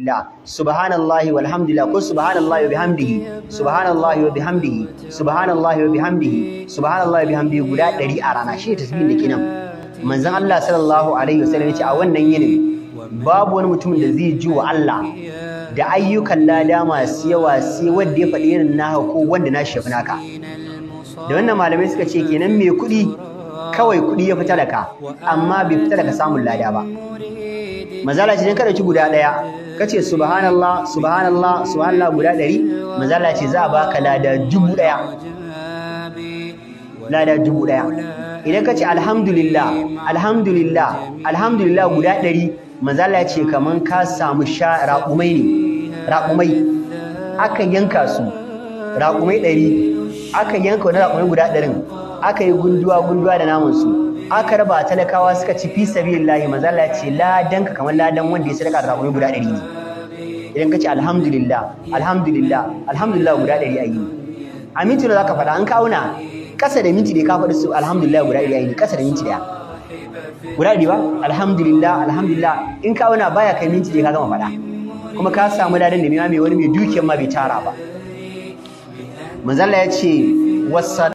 la subhanallahi walhamdulillah ko subhanallahi wa bihamdihi subhanallahi wa bihamdihi subhanallahi wa bihamdihi subhanallahi wa bihamdihi guda 100 a rana shi tasbihin da kinan manzon Allah sallallahu alaihi wasallam yace a wannan yinin babu wani mutum da zai ji wa Allah da ayyukan lada masu yawa sai wanda ya faɗi irin naka ko wanda na shafi naka da wannan malamai suka ce kenan me kuɗi kawai kuɗi ya fita daga amma bai fita daga samun lada ba mazala ce ka ci guda ɗaya ka ce subhanallah subhanallah subhanallah guda ɗari mazala ce za a baka lada dubu ɗaya lada dubu ɗaya idan ka ce alhamdulillah alhamdulillah alhamdulillah guda ɗari mazala ce kaman ka samu sha raƙumai ne raƙumai aka yanka su raƙumai ɗari aka yanka wani raƙumai guda ɗarin aka yi gunduwa gunduwa da namun su aka raba talakawa suka ci fi sabilillahi manzo Allah ce ladan ka kamar ladan wanda ya sadaka da guda ɗari ne idan ka ce alhamdulillah alhamdulillah alhamdulillah guda a yi a minti da zaka faɗa an kauna kasa da minti da ka faɗi su alhamdulillah guda ɗari a yi kasa da minti da guda ɗari ba alhamdulillah alhamdulillah in kauna baya kai minti da ka gama faɗa kuma ka samu ladan da mai wani mai dukiyar ma bai tara ba ya ce wasa